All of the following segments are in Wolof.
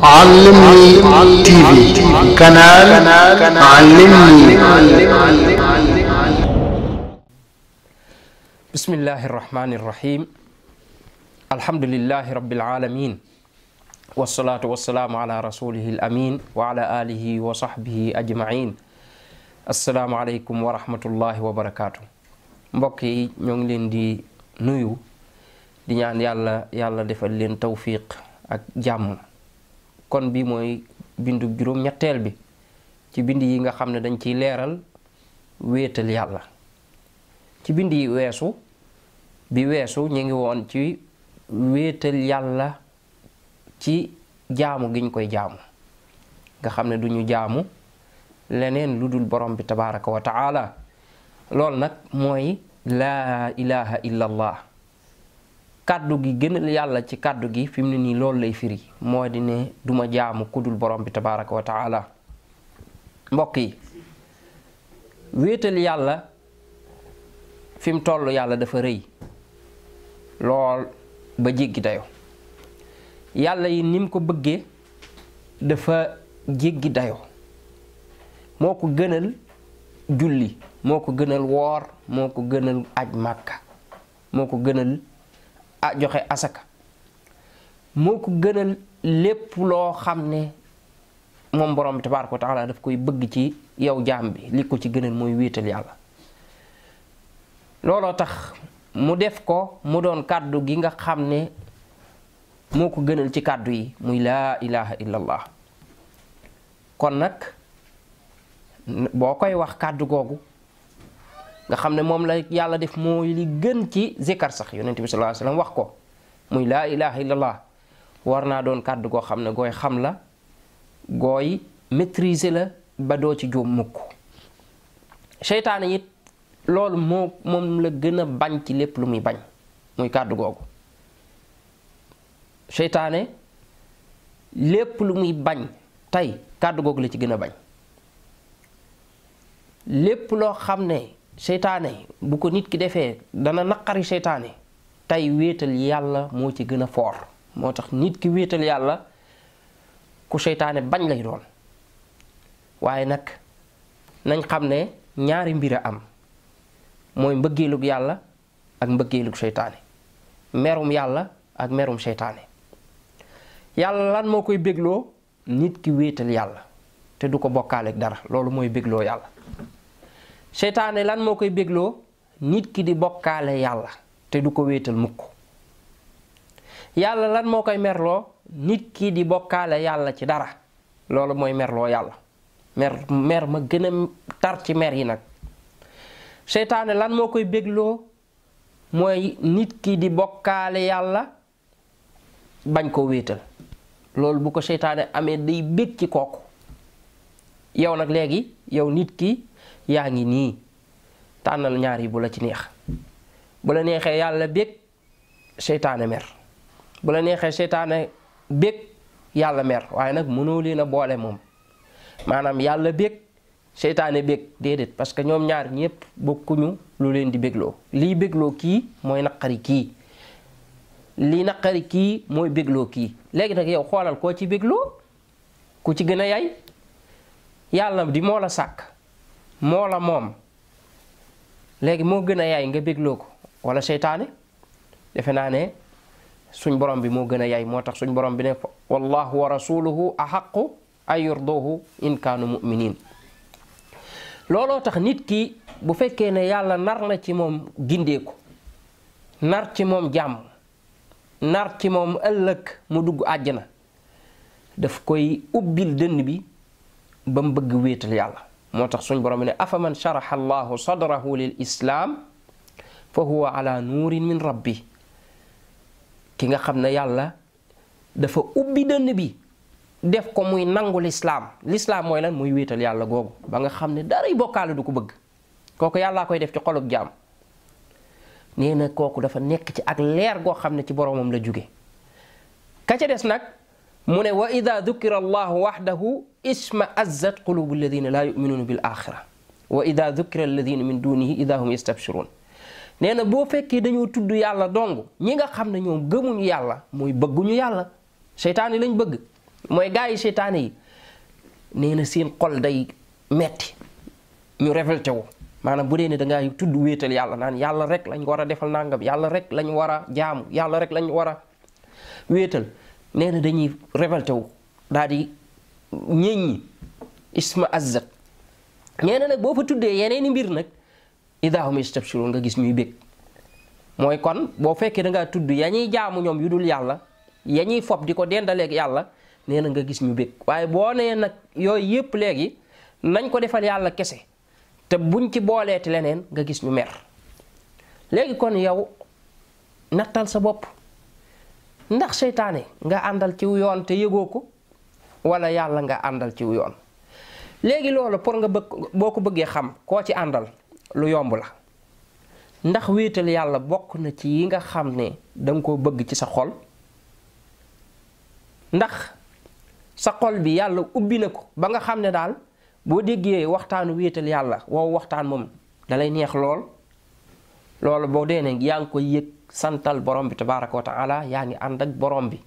Allimni TV canal Allimni. bismillahi irrahmani irrahim alhamdulilahi rabbil aalamiin wasalaatu wasalaamu ala rasulihi al-amiin wa ala aalihi wa sahbihi ajma'iin assalaamu aleykum wa rahmatullahi wa barakaatu. mbokk yi ñoo ngi leen di nuyu di ñaan yàlla yàlla defal leen tawfiq ak jàmm. kon bii mooy bindu juróom ñetteel bi ci bind yi nga xam ne dañ ciy leeral wéetal yàlla ci bind yi weesu bi weesu ñu ngi woon ci wéetal yàlla ci jaamu giñ koy jaamu nga xam ne duñu jaamu leneen lu dul borom bi tabaraka wa taala loolu nag mooy laa ilaha illa kàddu gi gënal yàlla ci kàddu gi fi mu ne nii loolu lay firi moo di ne duma jaamu kudul borom bi tabaraka wa taala mbokk yi wéetal yàlla fi mu toll yàlla dafa rëy lool ba jéggi dayo yàlla yi ni mu ko bëggee dafa jéggi dayo moo ko gënal julli moo ko gënal woor moo ko gënal aj màkka moo ko gënal a joxe asaka moo ko gënal lépp loo xam ne moom boroom bi tabaaraka wa taala koy bëgg ci yow jaam bi li ko ci gënal mooy wéetal yàlla looloo tax mu def ko mu doon kàddu gi nga xam ne moo ko gënal ci kàddu yi muy laa ilaha illallah kon nag boo koy wax kàddu googu nga xam ne moom la yàlla def moo li gën ci zikar sax yonent bi sallallahu alayhi wax ko muy laa ilaha illallah war naa doon kàddu goo xam ne gooy xam la gooy maîtriser la ba doo ci juum mukk seytaane it loolu moo moom la gën a bañ ci lépp lu muy bañ muy kàddu googu seytaane lépp lu muy bañ tey kàddu googu la ci gën a bañ lépp loo xam ne seytaane bu ko nit ki defee dana naqari seytaane tey wéetal yàlla moo ci gën a foor moo tax nit ki wéetal yàlla ku seytaane bañ lay doon waaye nag nañ xam ne ñaari mbir a am mooy mbëggeelug yàlla ak mbëggeelug seytaane merum yàlla ak merum seytaane yàlla lan moo koy bégloo nit ki wéetal yàlla te du ko bokkaaleeg dara loolu mooy bégloo yàlla seytaane lan moo koy bégloo nit ki di bokkaale yàlla te du ko wéetal mukk yàlla lan moo koy merloo nit ki di bokkaale yàlla ci dara loolu mooy merloo yàlla mer gën a yi nag seytaane lan moo koy bégloo mooy nit ki di bokkaale yàlla bañ ko wéetal loolu bu ko seytaane amee day bég ci kooku yow nag léegi yow nit ki yaa ngi nii tànnal ñaar yi bu la ci neex bu la neexee yàlla bég seytaane mer bu la neexee seytaane bég yàlla mer waaye nag mënoo leen a boole moom maanaam yàlla bég seytaane bég déedéet parce que ñoom ñaar ñëpp bokkuñu lu leen di bégloo lii bégloo kii mooy naqari kii lii naqari kii mooy bégloo kii léegi nag yow xoolal koo ci bégloo ku ci gën a yay yàlla di moo la sàkk moo la moom léegi moo gën a yaay nga bégloo ko wala seytaane defe naa ne suñ borom bi moo gën a yaay moo tax suñ borom bi ne wallahu wa rasuluhu ahaqu ay yurduhu in kaanu muminin looloo tax nit ki bu fekkee ne yàlla nar na ci moom gindee ko nar ci moom jàmm nar ci moom ëllëg mu dugg àjjana daf koy ubbil dënn bi ba mu bëgg wéetal yàlla moo tax suñ borom ne ne afaman sharaxa allahu sadrahu lil islaam fa huwa ala nuurin min rabbi ki nga xam ne yàlla dafa ubbi dënn bi def ko muy nangu lislaam lislaam mooy lan muy wéetal yàlla googu ba nga xam ne daray bokkaale du ko bëgg kooku yàllaa koy def ci xolub jaam nee na kooku dafa nekk ci ak leer goo xam ne ci boromam la jóge ka ca des nag mu ne wa ida dukira allahu waxdahu isma azzat qulubu alladina laa yuminuuna bil axira wa ida dukira alladina min dunihi ida hum yastabshirun nee na boo fekkee dañoo tudd yàlla dong ñi nga xam ne ñoom gëmu gëmuñu yàlla mooy bëgg ñu yàlla seytaane lañ bëgg mooy gars yi seytaane nee na seen xol day metti ñu révolté wu maanaam bu dee ne da ngaa tudd wéetal yàlla naan yàlla rek lañ war a defal nangam yàlla rek lañ war a jaamu yàlla rek lañu war a wéetal nee dañuy révolté wu ñeññi isma azzat ñeena nag boo fa tuddee yeneeni mbir nag idahum yastabshirun nga gis ñuy bég mooy kon boo fekkee da ngaa tudd ya ñuy jaamu ñoom yu dul yàlla ya ñuy fob di ko dendaleek yàlla nee na nga gis ñu bég waaye boo nee nag yooyu yépp léegi nañ ko defal yàlla kese te buñ ci boolee booleeti leneen nga gis ñu mer léegi kon yow nattal sa bopp ndax seytaane nga àndal ci yoon te yëgoo ko wala yàlla nga àndal ci yoon léegi loolu pour nga bëgg boo ko bëggee xam koo ci àndal lu yomb la ndax wéetal yàlla bokk na ci yi nga xam ne danga ko bëgg ci sa xol ndax sa xol bi yàlla ubbi na ko ba nga xam ne daal boo déggee waxtaanu wéetal yàlla wow waxtaan moom dalay neex lool loolu boo dee ne yaa ngi ko yëg santal borom bi tabaaraka wa taala yaa ngi ànd ak borom bi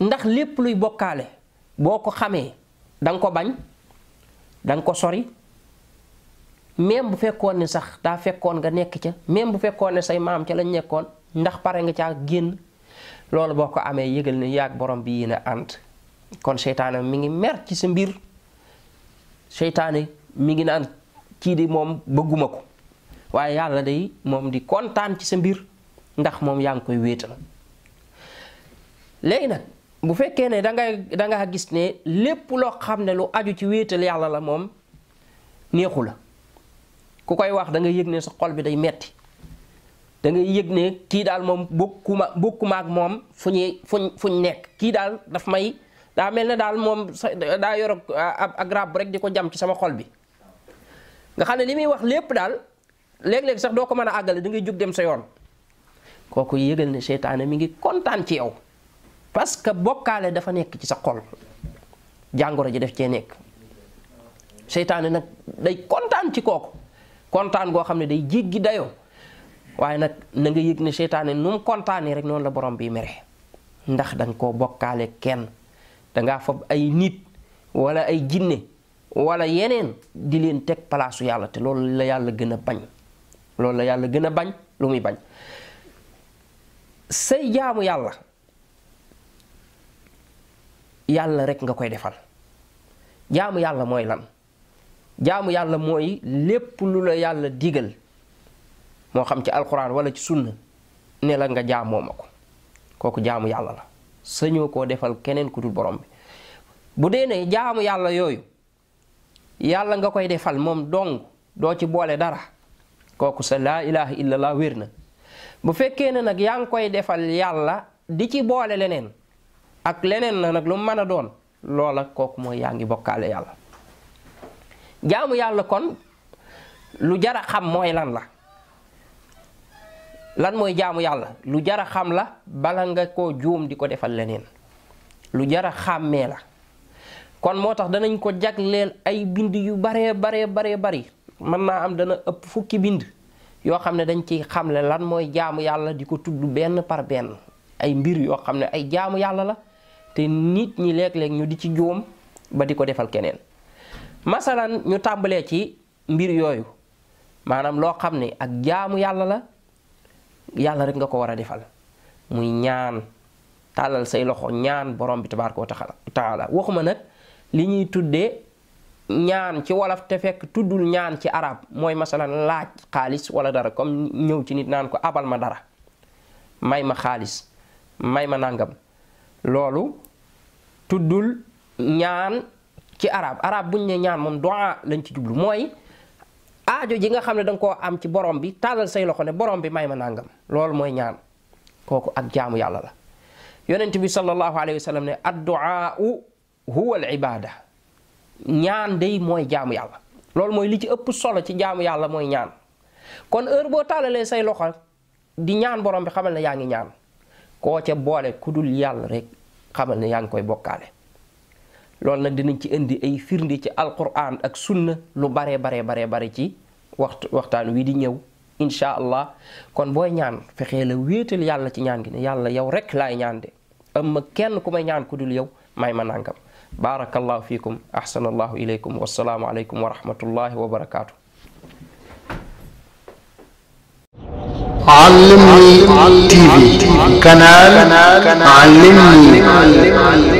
ndax lépp luy bokkaale boo ko xamee danga ko bañ danga ko sori même bu fekkoon ni sax daa fekkoon nga nekk ca même bu fekkoon ne say maam ca lañ nekkoon ndax pare nga caa génn loolu boo ko amee yëgal ne yaag borom bi yéen a ànd kon seytaane mi ngi mer ci sa mbir seytaane mi ngi naan kii di moom bëgguma ko waaye yàlla day moom di kontaan ci sa mbir ndax moom yaa ngi koy wéetal léegi nag bu fekkee ne da ngay gis ne lépp loo xam ne lu aju ci wéetal yàlla la moom neexu la ku koy wax dangay yëg ne sa xol bi day metti da yëg ne kii daal moom bokkuma bokkuma ak moom fu ñuy fu fuñ nekk kii daal dafa may daa mel ne daal moom sa daa yor ab ak rab rek di ko jam ci sama xol bi nga xam ne li muy wax lépp daal léeg-léeg sax doo ko mën a àggale dangay jóg dem sa yoon kooku yëgal ne seytaane mi ngi kontaan ci yow parce que bokkaale dafa nekk ci sa xol jàngoro ji def cee nekk seytaane nag day kontaan ci kooku kontaan goo xam ne day jéggi dayoo waaye nag na nga yëg ne seytaane nu mu kontaanee rek noonu la borom bi mere ndax danga koo bokkaale kenn danga fab ay nit wala ay jinne wala yeneen di leen teg palaasu yàlla te loolu yàlla gën a bañ loolu la yàlla gën a bañ lu muy bañ say jaamu yàlla yàlla rek nga koy defal jaamu yàlla mooy lan jaamu yàlla mooy lépp lu la yàlla digal moo xam ci alxuraan wala ci sunna ne la nga jaamoo ma ko kooku jaamu yàlla la sañoo koo defal keneen ku dul borom bi bu dee ne jaamu yàlla yooyu yàlla nga koy defal moom dong doo ci boole dara kooku sa laa ilaha illallah wér na bu fekkee ne nag yaa ngi koy defal yàlla di ci boole leneen ak leneen na nag lu mën a doon loola kooku mooy yaa ngi bokkaale yàlla jaamu yàlla kon lu jara xam mooy lan la lan mooy jaamu yàlla lu jara xam la bala nga koo juum di ko defal leneen lu jara xàmmee la kon moo tax danañ ko jagleel ay bind yu baree baree baree bari mën naa am dana ëpp fukki bind yoo xam ne dañ ciy xamle lan mooy jaamu yàlla di ko tudd benn par benn ay mbir yoo xam ne ay jaamu yàlla la te nit ñi léeg-léeg ñu di ci juum ba di ko defal keneen masalan ñu tàmbalee ci mbir yooyu maanaam loo xam ne ak jaamu yàlla la yàlla rek nga ko war a defal muy ñaan tàllal say loxo ñaan borom bi tabaaraka wa taala ma nag li ñuy tuddee ñaan ci wolof te fekk tuddul ñaan ci arab mooy masalan laaj xaalis wala dara comme ñëw ci nit naan ko abal ma dara may ma xaalis may ma nàngam loolu tuddul ñaan ci arab arab buñ ne ñaan moom doa lañ ci jublu mooy aajo ji nga xam ne danga nga koo am ci borom bi tàllal say loxo ne borom bi may ma nangam loolu mooy ñaan kooku ak jaamu yàlla la yonent bi sallallahu alayhi wa sallam ne adduaau huwa al ñaan day mooy jaamu yàlla loolu mooy li ci ëpp solo ci jaamu yàlla mooy ñaan kon heure boo tàllalee say loxo di ñaan borom bi xamal ne yaa ngi ñaan koo ca boole ku dul yàlla rek xamal ne yaa ngi koy bokkaale loolu nag dinañ ci indi ay firnde ci alquran ak sunna lu baree baree baree bare ci waxtu waxtaan wi di ñëw incha allah kon booy ñaan fexee la wéetal yàlla ci ñaan gi ne yàlla yow rek laay ñaan de amma kenn ku may ñaan ku dul yow may ma nangam barakallahu fiikum ahsanallahu ilaykum wassalaamu alaykum wa rahmatullahi wa barakaatu علمني تي في قناه علمني